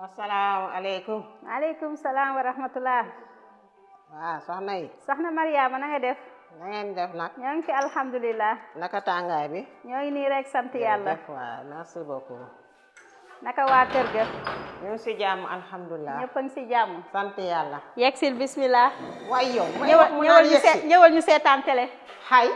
asalaamaaleykum. maaleykum salaam wa rahmatulah. waaw soxna yi. soxna Mariama na nga def. na ngeen def nag. ñoo ngi fi alhamdulilah. naka tàngaay bi. ñoo ngi nii rek sant yàlla. jërëjëf waaw merci naka waa kër ga. ñu si jàmm alhamdulilah. ñëpp a si jàmm. sant yàlla. yegsil bismillah. ñëwal ñu seetaan télé. hay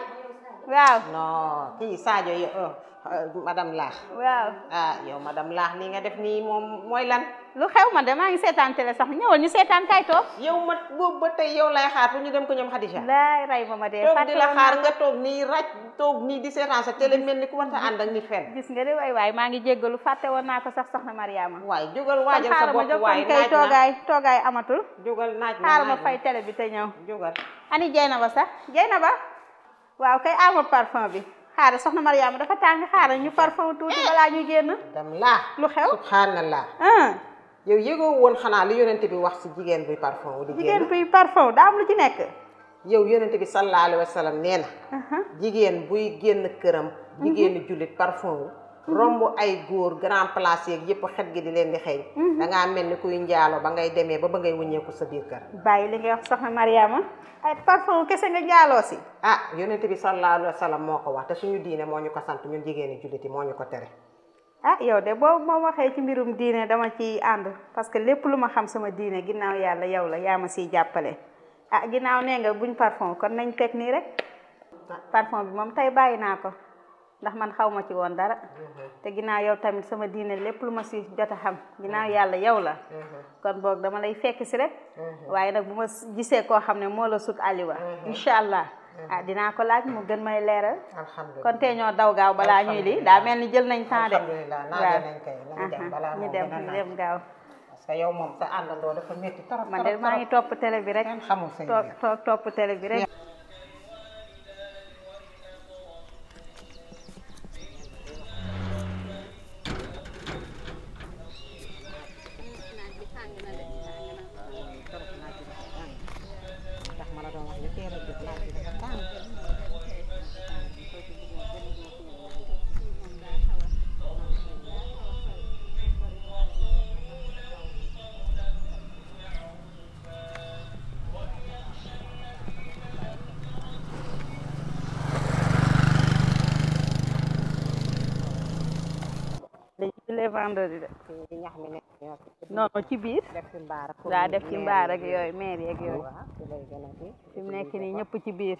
waaw non kii Sadio yow oh, uh, madame Laax. waaw ah yow madame Laax li nga def nii moom mooy lan. lu xew ma de maa ngi seetaan télé sax ñëwal ñu seetaan kay toog. yow ma boobu ba tey yow lay xaar ñu dem ko ñoom Khadija. laay ray ma ma dee. di la xaar nga nii raj toog nii di seetaan sa télé mel ni ku war a ànd ak ni fenn. gis nga de waay waay maa ngi jéggalu fàtte woon naa ko sax soxna Mariama. waaye jógal waajal sa bopp waay naaj ma toogaay toogaay amatul. jógal naaj ma xaar ma fay télé bi te ñëw. jógal ani Jeynaba sax Jeynaba waaw kay amul parfum bi xaaral soxna Mariama dafa tàng xaaral ñu parfum tuuti eh! balaa ñu génn. dam laa lu xew subhanallah. Ah. yow yëgoo woon xanaa lu yonent bi wax si jigéen buy parfum. di jigéen buy parfum daa am lu ci nekk. yow yonent bi sallallahu alayhi wa sallam nee jigéen buy génn këram. jigéenu jullit parfum romb ay góor grand place yeeg yëpp xet gi di leen di xeeñ mhm. dangaa mel ni kuy njaalo ba ngay demee ba ba ngay wuññeeku sa biir kër bàyyi li ngay wax soxna Mariama ay parfum kese nga njaaloo si ah yonent bi sa alayhi wa sallam moo ko wax te suñu diine moo ñu ko sant ñun jigéeni julliti moo ñu ko tere ah yow de boo moom waxee ci mbirum diine dama ci ànd parce que lépp lu ma xam sama diine ginnaaw yàlla yow la yaa ma siy jàppale ah ginnaaw nee nga buñ parfum kon nañ teg nii rek ah. ndax man xaw ma ci woon dara te ginnaaw yow tamit sama diine lépp lu ma si jot a xam ginnaaw yàlla yow la kon boog dama lay fekk si rek waaye nag bu ma gisee koo xam ne moo la sut aliwa incha allah ah dinaa ko laaj mu gën may leeral kon tee ñoo daw gaaw balaa ñuy lii daa mel ni jël nañ temps de waaw ñu dem ñu gaaw parce que yow moom sa àndandoo dafa métti trop man maa ngi topp télé bi rek toog topp télé bi rek c'est vendredi de. ñax mi ci biir. def ci mbaar def ci mbaar ak yooyu maire yeeg yooyu. fi mu nekk nii ñëpp ci biir.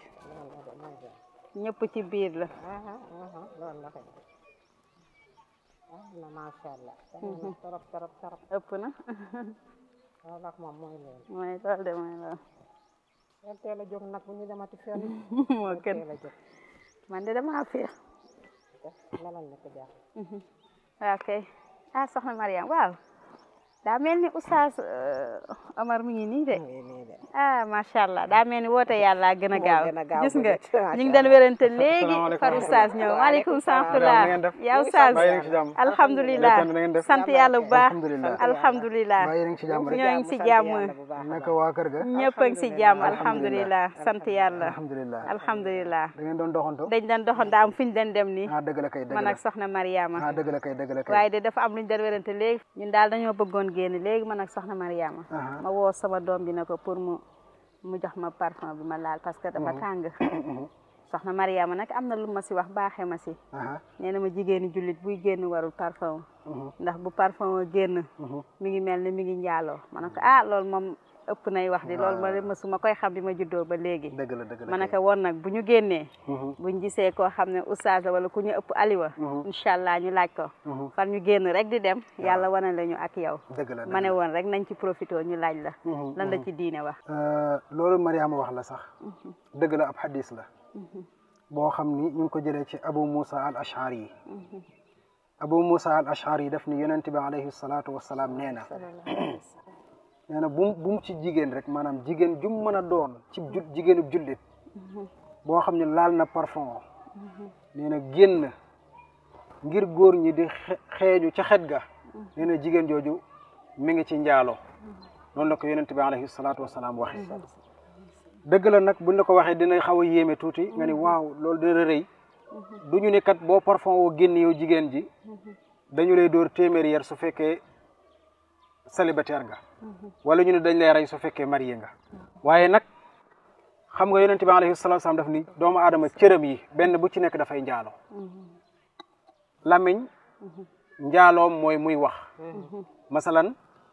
ñëpp ci biir la. Ah, ah, ah, la kay. macha mhm. ëpp na. loolu ak moom mooy de mooy loolu. man de damaa féex. waaw kay ah soxna Mariam waaw daa mel ni oustaz eh, Omar mi ngi nii de. ah macha allah daa mel ni woote yàlla gën a gaaw gis nga ñu ngi doon wérante léegi far oustaz ñëw maaleykum salaam laa oustaz alhamdulilah sant yàlla bu baax alhamdulilah ñoo ngi si jàmm naka waa kër ga ñëpp a ngi si jàmm alhamdulilah sant yàlla alhamdulilah da ngeen doon doxantu dañ doon doxantu am fi ñu doon dem nii ah, man ak soxna Mariama ah, waaye da dafa am lu ñu doon wérante léegi ñun daal dañoo bëggoon génn léegi man ak soxna Mariama ma woo sama doom bi ne ko pour mu mu jox ma parfum bi ma laal parce que dafa mhm. tàng mhm. soxna Mariama nag am na lu ma si wax baaxee ma si nee na ma jigéeni jullit buy génn warul parfum mhm. ndax bu parfum génn mi ngi mel ne mi ngi njaaloo ma ne ko ah loolu moom ëpp nay wax di loolu ma suma koy xam li ma juddoo ba léegi dëgg la dëgg la ma nag bu ñu génnee bu mm-hmm. buñ gisee koo xam ne oustaz wala ku ñu ëpp aliwa mm-hmm. incha allah ñu laaj ko mm-hmm. fan ñu génn rek di dem yàlla wane la ñu ak yow dëgg la ma ne woon rek nañ ci profité ñu laaj la lan ci diine wax euh, loolu Mariama wax la sax dëgg la ab xadis la boo xam ni ñu ngi ko jële ci Abu Musa al Ashari yi Abu Musa al Ashari yi daf ni yonente bi alayhi salaatu wasalaam nee na nee na bu bu ci jigéen rek maanaam jigéen jum mën a doon ci ju jigéenub jullit boo xam ne laal na parfum nee na génn ngir góor ñi di xeeju ca xet ga nee jigéen jooju mu ngi ci njaalo noonu la ko yonent bi alayhi salaatu wasalaam waxe la nag buñ la ko waxee dina xaw a yéeme tuuti nga waaw loolu dina du ñu ne kat boo génn yow jigéen ji dañu lay dóor su fekkee célibataire ga mhm. wala ñu ne dañ lay rey su fekkee marié nga waaye nag xam nga yonent bi alayhi salaatu salaam daf ni doomu aadama cëram yi benn bu ci nekk dafay njaalo mhm. lamiñ mhm. njaaloom mooy muy wax masalan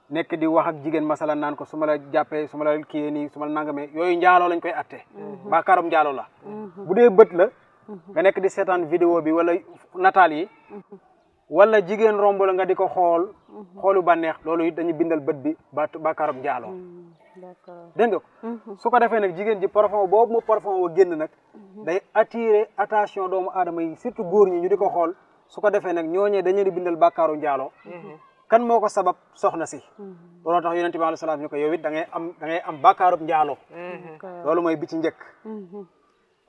nekk di wax ak jigéen masalan naan ko su ma la jàppee su ma la nii su ma yooyu njaaloo lañ koy atte baakaaram njaaloo la bu dee bët nga nekk di seetaan vidéo bi wala nataal yi wala jigéen romb la nga di ko xool mhm. xoolu banneex loolu dañuy bindal bët bi ba bàkkaarob njaaloo mhm. dégg nga ko mhm. su ko defee nag jigéen ji parfum boobu mu parfum wa génn nag day attirer attention doomu aadama yi surtout góor ñi ñu di ko xool su ko defee nag ñooñee dañu bindal bàkkaaru njaaloo kan moo ko sabab soxna si looloo tax yonente bi alayhi salaam ko yow it am da njaalo am loolu mooy bi ci njëkk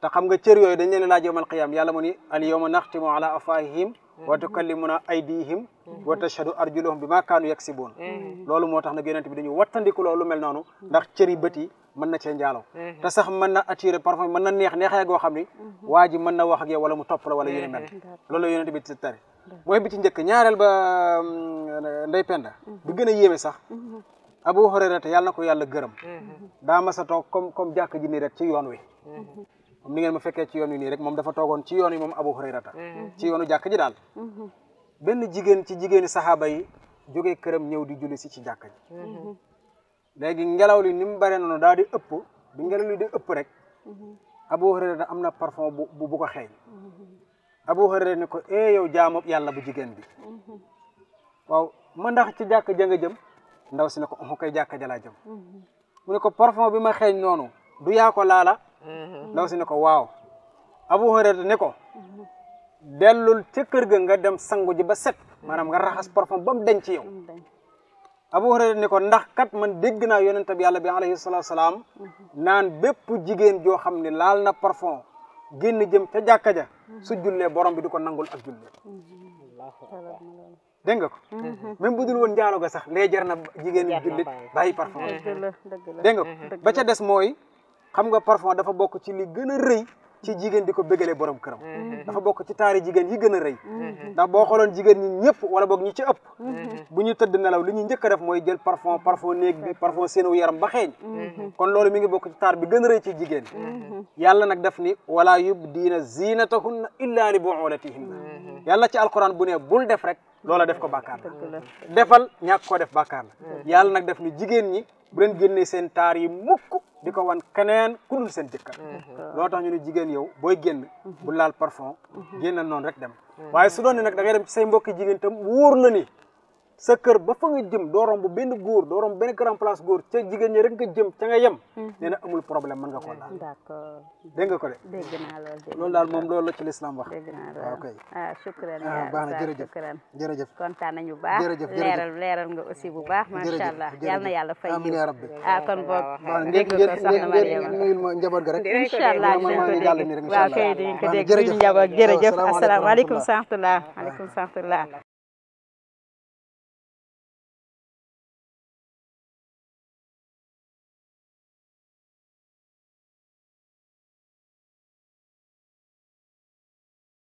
te xam nga cër yooyu dañ leen laaj yowmal qiyaam yàlla mu ni al yawma naxtimu ala afwaahihim wa tukallimuna aydihim wa tashhadu arjuluhum bi ma kaanu yaksibuun loolu moo tax nag yonent bi dañu wattandiku loolu mel noonu ndax cëri bët yi mën na cee njaalo te sax man na attiré parfois man na neex neexee goo xam ni waa ji mën na wax ak yow wala mu topp la wala yéne mel loolu la yonent bi ci tari mooy bi ci njëkk ñaareel ba mm, ndey penda bi gën a yéeme sax Abu Hurayra te yàlla na ko yàlla gërëm daa mas a toog comme comme jàkk ji nii rek ci yoon wi comme ni ngeen ma fekkee ci yoon wi nii rek moom dafa toogoon ci yoon yi moom Abu Hurayrata mhm. ci yoonu jàkk ji daal mhm. benn jigéen ci jigéeni saxaaba yi jóge këram ñëw di julli si ci jàkk ji mhm. léegi ngelaw li ni mu bare noonu daal di ëpp bi ngelaw li di ëpp rek Abu Hurayrata am na parfum bu bu ko xeeñ Abu Hurayrata ne ko eh yow jaamu yàlla bu jigéen bi waaw ma ndax ci jàkk ja jëm ndaw si ne ko on koy jàkk ja laa jëm mu ne ko parfum bi ma xeeñ noonu du yaa laala Mm-hmm. ndaw si ne ko waaw Abu Hurayra ne ko dellul ca kër ga nga dem sangu ji ba set maanaam nga raxas parfum ba mu denc yow Abu Hurayra ne ko ndax kat man dégg naa yonent bi yàlla bi alayhi salaatu salaam mm-hmm. naan bépp jigéen joo xam ne laal na parfum génn jëm ca jàkka ja mm-hmm. su jullee borom bi du ko nangul ak jullee dégg nga ko même bu dul woon njaalo ga sax lee jar na jigéen jullit bàyyi parfum dégg ko ba ca des mooy xam nga parfum dafa bokk ci li gën a rëy ci jigéen di ko bégalee borom këram mm-hmm. Mm-hmm. dafa bokk ci taari jigéen yi gën a rëy mm-hmm. na boo xooloon jigéen ñi ñëpp wala boog ñi ci ëpp bu ñu tëdd nelaw li ñuy njëkk def mooy jël parfum parfum néeg bi parfum seenu yaram ba xeeñ kon loolu mi ngi bokk ci taar bi gën a rëy ci jigéen yàlla nag def ni wala yubdiina zinatahunna illa li buulatihinna yàlla ci alquran bu ne bul def rek loola def ko bàkkaar la defal ñàkk koo def bàkkaar ñi bu seen taar yi di ko wan keneen ku dul seen jëkkër mm-hmm. loo tax ñu ne jigéen yow booy génn bu laal parfum mm-hmm. génnal noonu rek dem mm-hmm. waaye su doon ne nag da ngay dem ci say mbokki jigéen tam wóor la ni sa kër ba fa nga jëm doo romb benn góor doo romb benn grand place góor ca jigéen ñi rek nga jëm ca nga yem. Mm-hmm. nee na amul problème mën nga ko laal. d'accord dégg ko de. dégg naa loolu loolu daal moom loolu la ci lislaam wax. dégg naa ah, loolu ah, ah, na jërëjëf jërëjëf kontaan nañu baax jërëjëf leeral leeral nga aussi bu baax. macha allah yal na yàlla fay amiin yaa rabbi ah kon boog. dégg nga ko soxna Mariama ngeen ngeen ngeen njaboot ga rek. incha allah dinañ ko dégg waaw kay dinañ